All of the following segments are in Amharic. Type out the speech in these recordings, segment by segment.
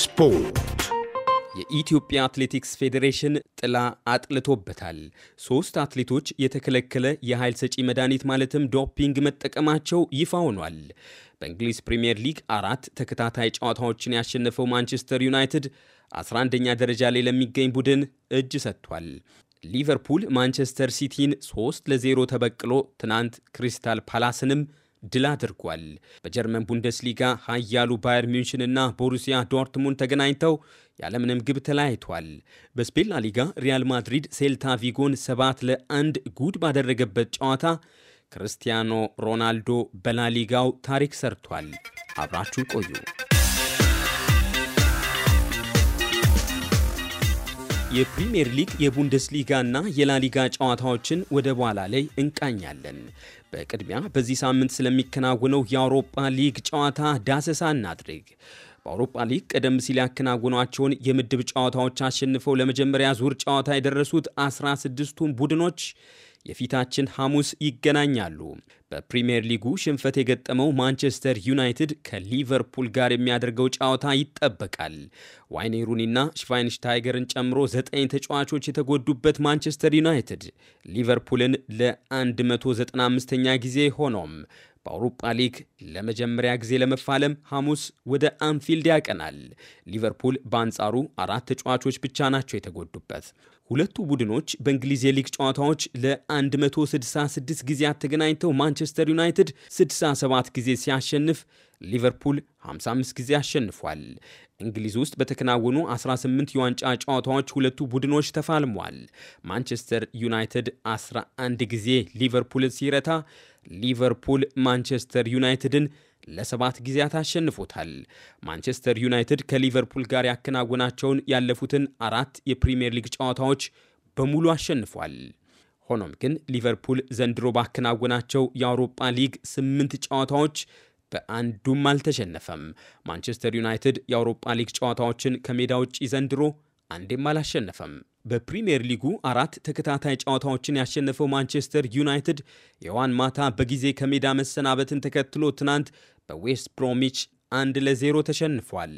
ስፖርት የኢትዮጵያ አትሌቲክስ ፌዴሬሽን ጥላ አጥልቶበታል። ሶስት አትሌቶች የተከለከለ የኃይል ሰጪ መድኃኒት ማለትም ዶፒንግ መጠቀማቸው ይፋ ሆኗል። በእንግሊዝ ፕሪምየር ሊግ አራት ተከታታይ ጨዋታዎችን ያሸነፈው ማንቸስተር ዩናይትድ 11ኛ ደረጃ ላይ ለሚገኝ ቡድን እጅ ሰጥቷል። ሊቨርፑል ማንቸስተር ሲቲን 3 ለዜሮ ተበቅሎ ትናንት ክሪስታል ፓላስንም ድል አድርጓል። በጀርመን ቡንደስሊጋ ኃያሉ ባየር ሚንሽንና ቦሩሲያ ዶርትሙንድ ተገናኝተው ያለምንም ግብ ተለያይቷል። በስፔን ላሊጋ ሊጋ ሪያል ማድሪድ ሴልታ ቪጎን ሰባት ለአንድ ጉድ ባደረገበት ጨዋታ ክርስቲያኖ ሮናልዶ በላሊጋው ታሪክ ሰርቷል። አብራችሁ ቆዩ። የፕሪምየር ሊግ እና የላሊጋ ጨዋታዎችን ወደ በኋላ ላይ እንቃኛለን። በቅድሚያ በዚህ ሳምንት ስለሚከናወነው የአውሮፓ ሊግ ጨዋታ ዳሰሳ እናድርግ። በአውሮፓ ሊግ ቀደም ሲል ያከናወኗቸውን የምድብ ጨዋታዎች አሸንፈው ለመጀመሪያ ዙር ጨዋታ የደረሱት አስራ ስድስቱን ቡድኖች የፊታችን ሐሙስ ይገናኛሉ። በፕሪምየር ሊጉ ሽንፈት የገጠመው ማንቸስተር ዩናይትድ ከሊቨርፑል ጋር የሚያደርገው ጨዋታ ይጠበቃል። ዋይኔ ሩኒና ሽቫይንሽታይገርን ጨምሮ ዘጠኝ ተጫዋቾች የተጎዱበት ማንቸስተር ዩናይትድ ሊቨርፑልን ለ195ኛ ጊዜ ሆኖም በአውሮፓ ሊግ ለመጀመሪያ ጊዜ ለመፋለም ሐሙስ ወደ አንፊልድ ያቀናል። ሊቨርፑል በአንጻሩ አራት ተጫዋቾች ብቻ ናቸው የተጎዱበት። ሁለቱ ቡድኖች በእንግሊዝ የሊግ ጨዋታዎች ለ166 ጊዜያት ተገናኝተው ማንቸስተር ዩናይትድ 67 ጊዜ ሲያሸንፍ ሊቨርፑል 55 ጊዜ አሸንፏል። እንግሊዝ ውስጥ በተከናወኑ 18 የዋንጫ ጨዋታዎች ሁለቱ ቡድኖች ተፋልመዋል። ማንቸስተር ዩናይትድ 11 ጊዜ ሊቨርፑልን ሲረታ ሊቨርፑል ማንቸስተር ዩናይትድን ለሰባት ጊዜያት አሸንፎታል። ማንቸስተር ዩናይትድ ከሊቨርፑል ጋር ያከናወናቸውን ያለፉትን አራት የፕሪምየር ሊግ ጨዋታዎች በሙሉ አሸንፏል። ሆኖም ግን ሊቨርፑል ዘንድሮ ባከናወናቸው የአውሮፓ ሊግ ስምንት ጨዋታዎች በአንዱም አልተሸነፈም። ማንቸስተር ዩናይትድ የአውሮፓ ሊግ ጨዋታዎችን ከሜዳ ውጪ ዘንድሮ አንዴም አላሸነፈም። በፕሪምየር ሊጉ አራት ተከታታይ ጨዋታዎችን ያሸነፈው ማንቸስተር ዩናይትድ የዋን ማታ በጊዜ ከሜዳ መሰናበትን ተከትሎ ትናንት በዌስት ብሮሚች አንድ ለዜሮ ተሸንፏል።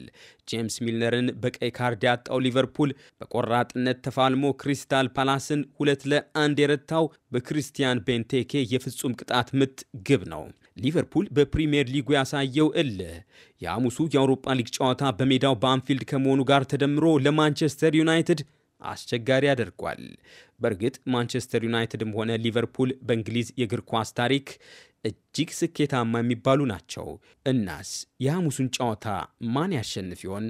ጄምስ ሚልነርን በቀይ ካርድ ያጣው ሊቨርፑል በቆራጥነት ተፋልሞ ክሪስታል ፓላስን ሁለት ለአንድ የረታው በክሪስቲያን ቤንቴኬ የፍጹም ቅጣት ምት ግብ ነው። ሊቨርፑል በፕሪምየር ሊጉ ያሳየው እልህ የአሙሱ የአውሮፓ ሊግ ጨዋታ በሜዳው በአንፊልድ ከመሆኑ ጋር ተደምሮ ለማንቸስተር ዩናይትድ አስቸጋሪ ያደርጓል። በእርግጥ ማንቸስተር ዩናይትድም ሆነ ሊቨርፑል በእንግሊዝ የእግር ኳስ ታሪክ እጅግ ስኬታማ የሚባሉ ናቸው። እናስ የሐሙሱን ጨዋታ ማን ያሸንፍ ይሆን?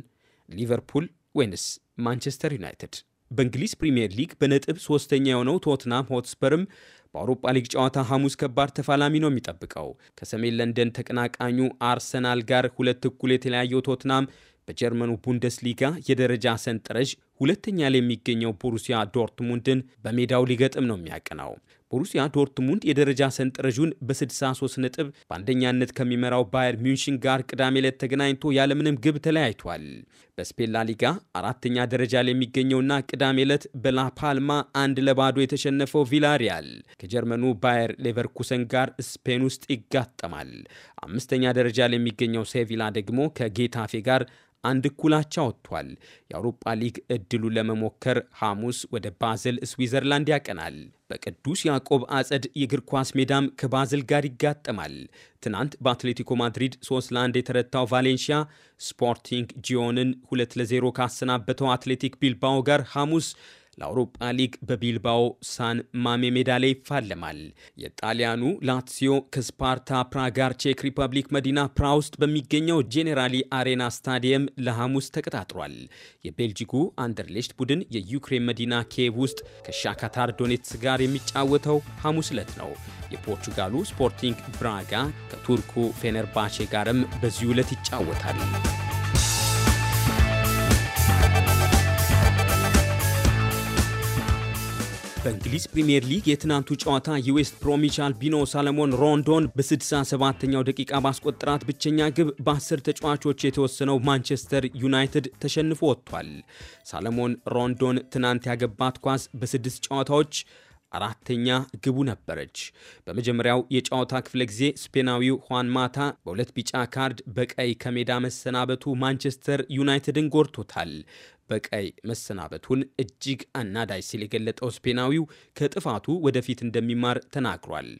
ሊቨርፑል ወይንስ ማንቸስተር ዩናይትድ? በእንግሊዝ ፕሪምየር ሊግ በነጥብ ሶስተኛ የሆነው ቶትናም ሆትስፐርም በአውሮፓ ሊግ ጨዋታ ሐሙስ ከባድ ተፋላሚ ነው የሚጠብቀው። ከሰሜን ለንደን ተቀናቃኙ አርሰናል ጋር ሁለት እኩል የተለያየው ቶትናም በጀርመኑ ቡንደስሊጋ የደረጃ ሰንጠረዥ ሁለተኛ ላይ የሚገኘው ቦሩሲያ ዶርትሙንድን በሜዳው ሊገጥም ነው የሚያቀናው። ቦሩሲያ ዶርትሙንድ የደረጃ ሰንጠረዡን በ63 ነጥብ በአንደኛነት ከሚመራው ባየር ሚንሽን ጋር ቅዳሜ ዕለት ተገናኝቶ ያለምንም ግብ ተለያይቷል። በስፔን ላሊጋ አራተኛ ደረጃ ላይ የሚገኘውና ቅዳሜ ዕለት በላፓልማ አንድ ለባዶ የተሸነፈው ቪላሪያል ከጀርመኑ ባየር ሌቨርኩሰን ጋር ስፔን ውስጥ ይጋጠማል። አምስተኛ ደረጃ ላይ የሚገኘው ሴቪላ ደግሞ ከጌታፌ ጋር አንድ እኩላቻ ወጥቷል። የአውሮፓ ሊግ እድሉ ለመሞከር ሐሙስ ወደ ባዘል ስዊዘርላንድ ያቀናል። በቅዱስ ያዕቆብ አጸድ የእግር ኳስ ሜዳም ከባዘል ጋር ይጋጠማል። ትናንት በአትሌቲኮ ማድሪድ 3 ለ1 የተረታው ቫሌንሺያ ስፖርቲንግ ጂዮንን 2 ለ0 ካሰናበተው አትሌቲክ ቢልባኦ ጋር ሐሙስ ለአውሮፓ ሊግ በቢልባኦ ሳን ማሜ ሜዳ ላይ ይፋለማል። የጣሊያኑ ላትሲዮ ከስፓርታ ፕራጋር ቼክ ሪፐብሊክ መዲና ፕራ ውስጥ በሚገኘው ጄኔራሊ አሬና ስታዲየም ለሐሙስ ተቀጣጥሯል። የቤልጂኩ አንደርሌሽት ቡድን የዩክሬን መዲና ኪየቭ ውስጥ ከሻካታር ዶኔትስ ጋር የሚጫወተው ሐሙስ ዕለት ነው። የፖርቹጋሉ ስፖርቲንግ ብራጋ ከቱርኩ ፌነርባቼ ጋርም በዚሁ ዕለት ይጫወታል። በእንግሊዝ ፕሪምየር ሊግ የትናንቱ ጨዋታ የዌስት ፕሮሚች አልቢኖ ሳለሞን ሮንዶን በ67ኛው ደቂቃ ባስቆጠራት ብቸኛ ግብ በ10 ተጫዋቾች የተወሰነው ማንቸስተር ዩናይትድ ተሸንፎ ወጥቷል። ሳለሞን ሮንዶን ትናንት ያገባት ኳስ በስድስት ጨዋታዎች አራተኛ ግቡ ነበረች። በመጀመሪያው የጨዋታ ክፍለ ጊዜ ስፔናዊው ሁዋን ማታ በሁለት ቢጫ ካርድ በቀይ ከሜዳ መሰናበቱ ማንቸስተር ዩናይትድን ጎድቶታል። በቀይ መሰናበቱን እጅግ አናዳጅ ሲል የገለጠው ስፔናዊው ከጥፋቱ ወደፊት እንደሚማር ተናግሯል።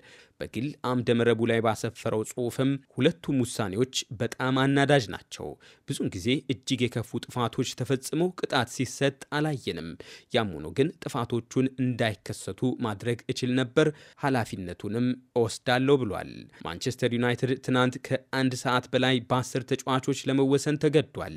በግል አምደ መረቡ ላይ ባሰፈረው ጽሑፍም ሁለቱም ውሳኔዎች በጣም አናዳጅ ናቸው። ብዙን ጊዜ እጅግ የከፉ ጥፋቶች ተፈጽመው ቅጣት ሲሰጥ አላየንም። ያም ሆኖ ግን ጥፋቶቹን እንዳይከሰቱ ማድረግ እችል ነበር፣ ኃላፊነቱንም እወስዳለሁ ብሏል። ማንቸስተር ዩናይትድ ትናንት ከአንድ ሰዓት በላይ በአስር ተጫዋቾች ለመወሰን ተገዷል።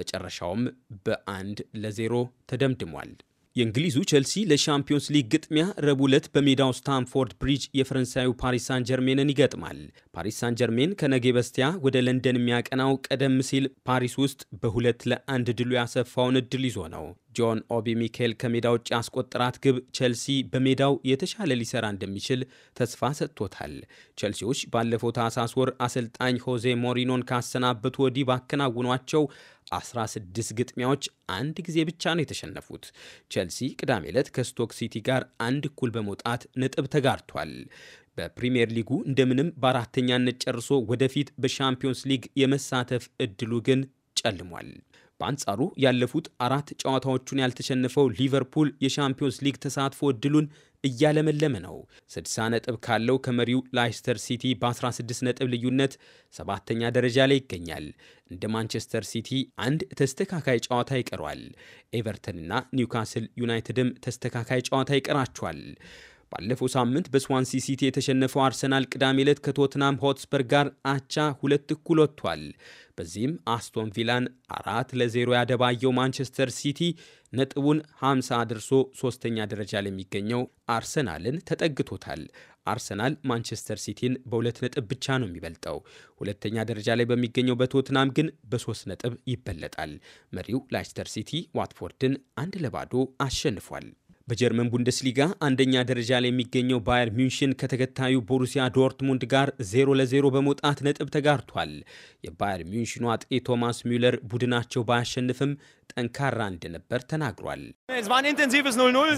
መጨረሻውም በአንድ አንድ ለዜሮ ተደምድሟል። የእንግሊዙ ቼልሲ ለሻምፒዮንስ ሊግ ግጥሚያ ረቡዕ ዕለት በሜዳው ስታንፎርድ ብሪጅ የፈረንሳዩ ፓሪስ ሳን ጀርሜንን ይገጥማል። ፓሪስ ሳን ጀርሜን ከነጌ በስቲያ ወደ ለንደን የሚያቀናው ቀደም ሲል ፓሪስ ውስጥ በሁለት ለአንድ ድሉ ያሰፋውን እድል ይዞ ነው። ጆን ኦቢ ሚካኤል ከሜዳ ውጭ ያስቆጠራት ግብ ቼልሲ በሜዳው የተሻለ ሊሰራ እንደሚችል ተስፋ ሰጥቶታል። ቼልሲዎች ባለፈው ታህሳስ ወር አሰልጣኝ ሆዜ ሞሪኖን ካሰናበቱ ወዲህ ባከናውኗቸው 16 ግጥሚያዎች አንድ ጊዜ ብቻ ነው የተሸነፉት። ቼልሲ ቅዳሜ ዕለት ከስቶክ ሲቲ ጋር አንድ እኩል በመውጣት ነጥብ ተጋርቷል። በፕሪምየር ሊጉ እንደምንም በአራተኛነት ጨርሶ ወደፊት በሻምፒዮንስ ሊግ የመሳተፍ እድሉ ግን ጨልሟል። በአንጻሩ ያለፉት አራት ጨዋታዎቹን ያልተሸነፈው ሊቨርፑል የሻምፒዮንስ ሊግ ተሳትፎ እድሉን እያለመለመ ነው። 60 ነጥብ ካለው ከመሪው ላይስተር ሲቲ በ16 ነጥብ ልዩነት ሰባተኛ ደረጃ ላይ ይገኛል። እንደ ማንቸስተር ሲቲ አንድ ተስተካካይ ጨዋታ ይቀሯል። ኤቨርተንና ኒውካስል ዩናይትድም ተስተካካይ ጨዋታ ይቀራቸዋል። ባለፈው ሳምንት በስዋንሲ ሲቲ የተሸነፈው አርሰናል ቅዳሜ ዕለት ከቶትናም ሆትስፐር ጋር አቻ ሁለት እኩል ወጥቷል። በዚህም አስቶን ቪላን አራት ለዜሮ ያደባየው ማንቸስተር ሲቲ ነጥቡን 50 አድርሶ ሶስተኛ ደረጃ ላይ የሚገኘው አርሰናልን ተጠግቶታል። አርሰናል ማንቸስተር ሲቲን በሁለት ነጥብ ብቻ ነው የሚበልጠው። ሁለተኛ ደረጃ ላይ በሚገኘው በቶትናም ግን በሶስት ነጥብ ይበለጣል። መሪው ላይስተር ሲቲ ዋትፎርድን አንድ ለባዶ አሸንፏል። በጀርመን ቡንደስሊጋ አንደኛ ደረጃ ላይ የሚገኘው ባየር ሚንሽን ከተከታዩ ቦሩሲያ ዶርትሙንድ ጋር ዜሮ ለዜሮ በመውጣት ነጥብ ተጋርቷል። የባየር ሚንሽኑ አጥቂ ቶማስ ሚውለር ቡድናቸው ባያሸንፍም ጠንካራ እንደነበር ተናግሯል።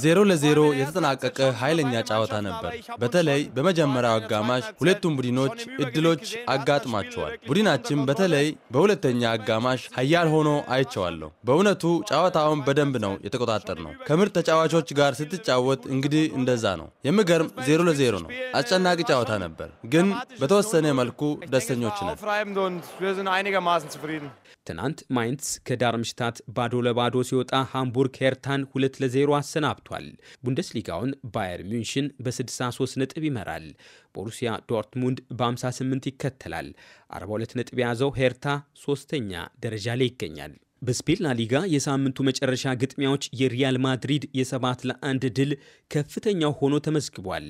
ዜሮ ለዜሮ የተጠናቀቀ ኃይለኛ ጨዋታ ነበር። በተለይ በመጀመሪያው አጋማሽ ሁለቱም ቡድኖች እድሎች አጋጥማቸዋል። ቡድናችን በተለይ በሁለተኛ አጋማሽ ኃያል ሆኖ አይቸዋለሁ። በእውነቱ ጨዋታውን በደንብ ነው የተቆጣጠር ነው። ከምርጥ ተጫዋቾች ጋር ስትጫወት እንግዲህ እንደዛ ነው። የሚገርም ዜሮ ለዜሮ ነው። አስጨናቂ ጨዋታ ነበር፣ ግን በተወሰነ መልኩ ደስተኞች ነን። ትናንት ማይንስ ከዳርምሽታት ባዶ ለባዶ ሲወጣ ሃምቡርግ ሄርታን ለ ለዜሮ አሰናብቷል። ቡንደስሊጋውን ባየር ሚንሽን በ63 ነጥብ ይመራል። ቦሩሲያ ዶርትሙንድ በ58 ይከተላል። 42 ነጥብ የያዘው ሄርታ ሶስተኛ ደረጃ ላይ ይገኛል። በስፔን ላሊጋ የሳምንቱ መጨረሻ ግጥሚያዎች የሪያል ማድሪድ የሰባት ለአንድ ድል ከፍተኛው ሆኖ ተመዝግቧል።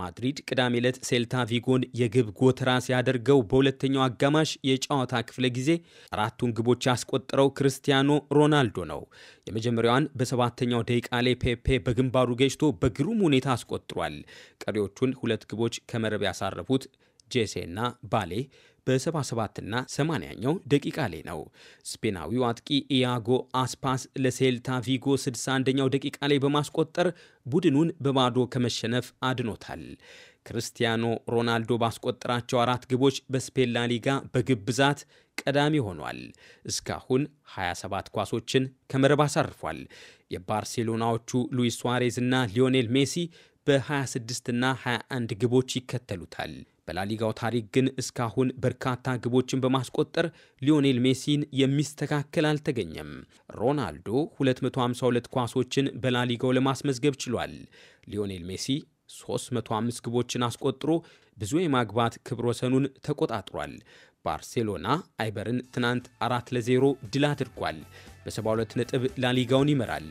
ማድሪድ ቅዳሜ ዕለት ሴልታ ቪጎን የግብ ጎተራ ሲያደርገው በሁለተኛው አጋማሽ የጨዋታ ክፍለ ጊዜ አራቱን ግቦች ያስቆጠረው ክርስቲያኖ ሮናልዶ ነው። የመጀመሪያዋን በሰባተኛው ደቂቃ ላይ ፔፔ በግንባሩ ገጭቶ በግሩም ሁኔታ አስቆጥሯል። ቀሪዎቹን ሁለት ግቦች ከመረብ ያሳረፉት ጄሴና ባሌ በ77ና 80ኛው ደቂቃ ላይ ነው። ስፔናዊው አጥቂ ኢያጎ አስፓስ ለሴልታ ቪጎ 61ኛው ደቂቃ ላይ በማስቆጠር ቡድኑን በባዶ ከመሸነፍ አድኖታል። ክርስቲያኖ ሮናልዶ ባስቆጠራቸው አራት ግቦች በስፔን ሊጋ በግብ ብዛት ቀዳሚ ሆኗል። እስካሁን 27 ኳሶችን ከመረብ አሳርፏል። የባርሴሎናዎቹ ሉዊስ ሱዋሬዝ እና ሊዮኔል ሜሲ በ26ና 21 ግቦች ይከተሉታል። በላሊጋው ታሪክ ግን እስካሁን በርካታ ግቦችን በማስቆጠር ሊዮኔል ሜሲን የሚስተካከል አልተገኘም። ሮናልዶ 252 ኳሶችን በላሊጋው ለማስመዝገብ ችሏል። ሊዮኔል ሜሲ 305 ግቦችን አስቆጥሮ ብዙ የማግባት ክብረ ወሰኑን ተቆጣጥሯል። ባርሴሎና አይበርን ትናንት 4 ለ0 ድል አድርጓል። በ72 ነጥብ ላሊጋውን ይመራል።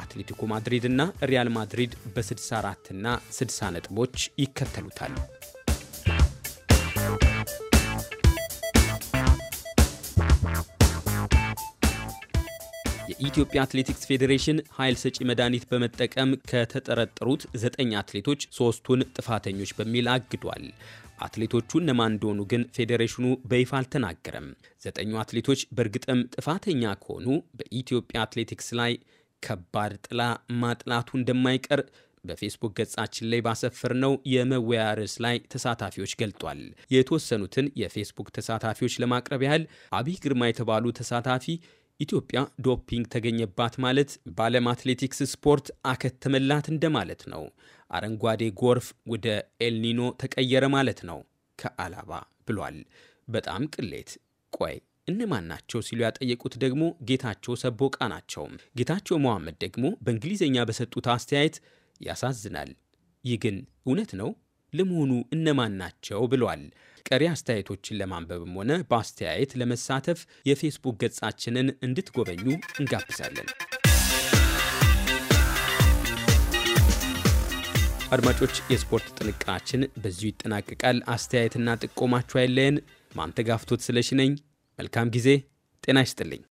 አትሌቲኮ ማድሪድ እና ሪያል ማድሪድ በ64 እና 60 ነጥቦች ይከተሉታል። የኢትዮጵያ አትሌቲክስ ፌዴሬሽን ኃይል ሰጪ መድኃኒት በመጠቀም ከተጠረጠሩት ዘጠኝ አትሌቶች ሶስቱን ጥፋተኞች በሚል አግዷል። አትሌቶቹ እነማን እንደሆኑ ግን ፌዴሬሽኑ በይፋ አልተናገረም። ዘጠኙ አትሌቶች በእርግጥም ጥፋተኛ ከሆኑ በኢትዮጵያ አትሌቲክስ ላይ ከባድ ጥላ ማጥላቱ እንደማይቀር በፌስቡክ ገጻችን ላይ ባሰፈርነው የመወያ ርዕስ ላይ ተሳታፊዎች ገልጧል። የተወሰኑትን የፌስቡክ ተሳታፊዎች ለማቅረብ ያህል አብይ ግርማ የተባሉ ተሳታፊ ኢትዮጵያ ዶፒንግ ተገኘባት ማለት በዓለም አትሌቲክስ ስፖርት አከተመላት እንደማለት ነው። አረንጓዴ ጎርፍ ወደ ኤልኒኖ ተቀየረ ማለት ነው ከአላባ ብሏል። በጣም ቅሌት። ቆይ እነማን ናቸው ሲሉ ያጠየቁት ደግሞ ጌታቸው ሰቦቃ ናቸው። ጌታቸው መሐመድ ደግሞ በእንግሊዝኛ በሰጡት አስተያየት ያሳዝናል፣ ይህ ግን እውነት ነው። ለመሆኑ እነማን ናቸው ብሏል። ቀሪ አስተያየቶችን ለማንበብም ሆነ በአስተያየት ለመሳተፍ የፌስቡክ ገጻችንን እንድትጎበኙ እንጋብዛለን። አድማጮች፣ የስፖርት ጥንቅራችን በዚሁ ይጠናቀቃል። አስተያየትና ጥቆማችሁ አይለየን። ማንተጋፍቶት ስለሽነኝ መልካም ጊዜ። ጤና ይስጥልኝ።